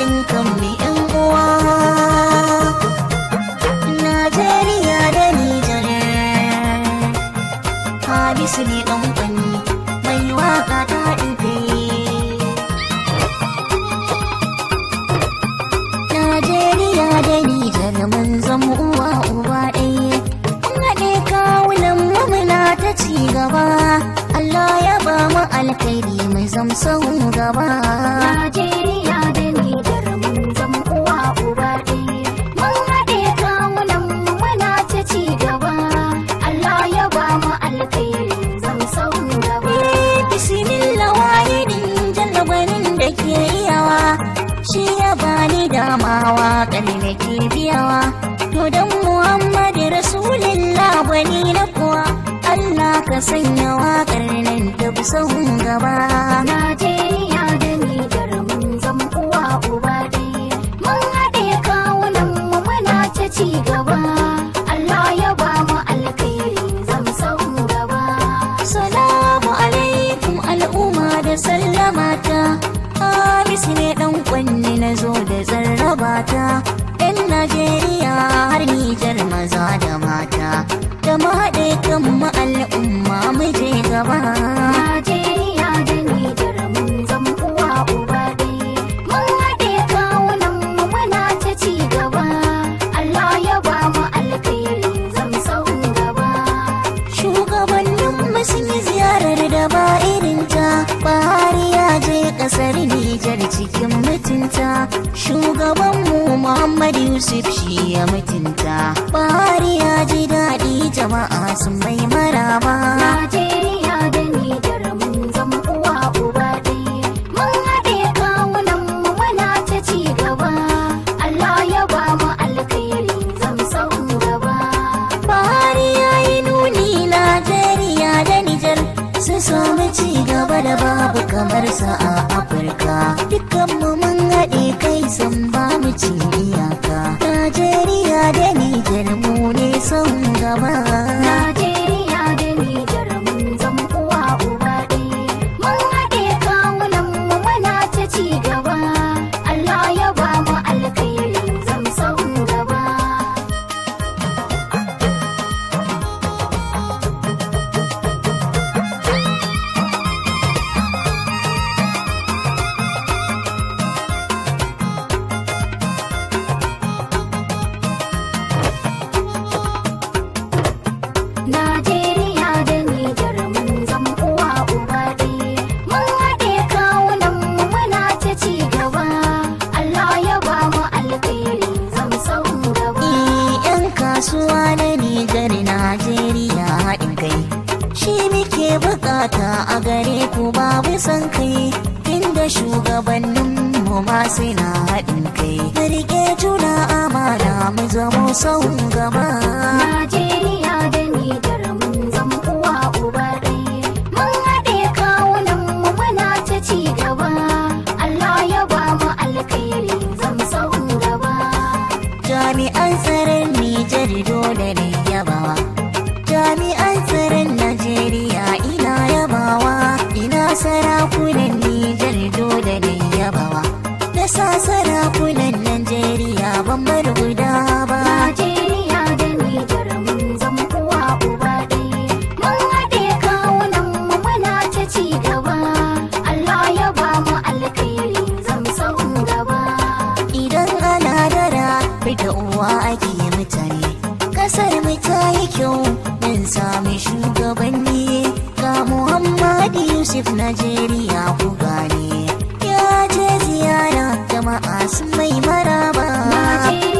haɗin kan mu yan uwa Najeriya da Nijar Hadisu ne ɗan ƙwanni mai waƙa ta haɗin kai Najeriya da Nijar mun zama uwa uba ɗaya Mun haɗe kawunan mu na ta ci gaba Allah ya ba mu alkhairi mai zamsan gaba Najeriya ya bani damawa kan nake biyawa to dan muhammadu rasulullah bani na kuwa allah ka sanya waƙar nan ta gaba na dukan mu al'umma mu gaba Najeriya da Nijar mun zama uwa uba mun haɗe kawunan mu muna ta ci gaba Allah ya ba mu alkhairi zan sau Shugabannin mu sun yi ziyarar da ba irin ta Buhari ya je ƙasar Nijar cikin mutunta shugaban Muhammad Yusuf shi ya mutunta Buhari ya je jama'a sun mai maraba. Najeriya da Nijar mun zama uwa uba ɗaya. Mun haɗe kawunan mu muna ta ci gaba. Allah ya ba mu alkhairi zan san gaba. Buhari ya yi nuni Najeriya da Nijar sun samu ci gaba da babu kamar sa a Afirka. Dukkan mu mun haɗe kai san ba mu ci iyaka. Najeriya da Nijar mu ne 妈妈。kasuwa na Nijar Najeriya haɗin kai. Shi muke bukata a gare ku babu san kai, inda shugabanninmu ma suna haɗin kai. Mu juna amana mu zamo sauran gaba. dole jami'an tsaron najeriya ina yabawa ina sarakunan nijar dole yabawa da sa sarakunan najeriya ban bar guda ba najeriya da nijar mun zama kowa uba ɗaya mun haɗe kawunan mu muna ta ci gaba allah ya ba mu alkhairi zan san gaba idan ana dara fita uwa ake mutane kasar mu ta yi kyau don sami shugabanni ga muhammadu yusuf najeriya ku gane ya je ziyara jama'a sun mai maraba